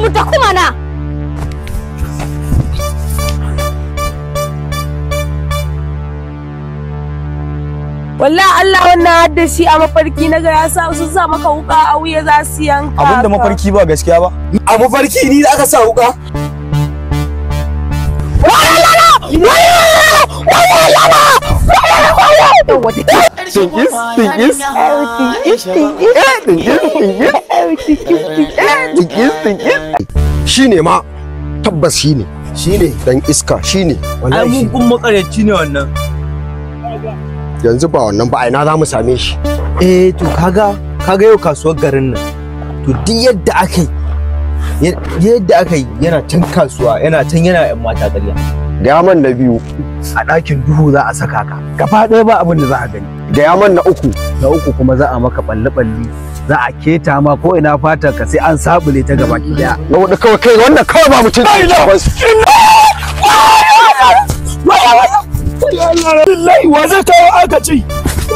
mu tafi mana wallahi Allah wannan haddashi a mafarki na ga ya sa su sa maka huka a wuya za su yanka da mafarki ba gaskiya ba a mafarki ni da aka sa wuka Tingis, Shi ne ma tabbas shi ne. Shi ne. Dan iska shi ne. Ai mun kun ne wannan. Yanzu ba wannan ba aina za mu same shi. Eh to kaga kaga yau kasuwar garin nan. To duk yadda aka yi yadda aka yi yana can kasuwa yana can yana yan mata ƙarya. Gaman na biyu a ɗakin duhu za a saka ka. Gaba ɗaya ba abin da za a gani. da ya na uku na uku kuma za a maka balli-balli za a keta ma ko ina fata ka sai an sabule ta gaba ki da na hudu kawai kai wannan kawai ba mutum ba ina wallahi wa zai kawo aka ci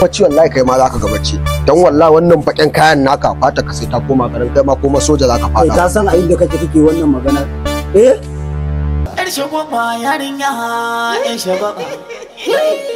bacci wallahi kai ma za ka gabace dan wallahi wannan bakin kayan naka fata ka sai ta koma garin kai ma koma soja za ka fada ka san a inda kake kike wannan magana eh yar shagwaba yarinya yan shagwaba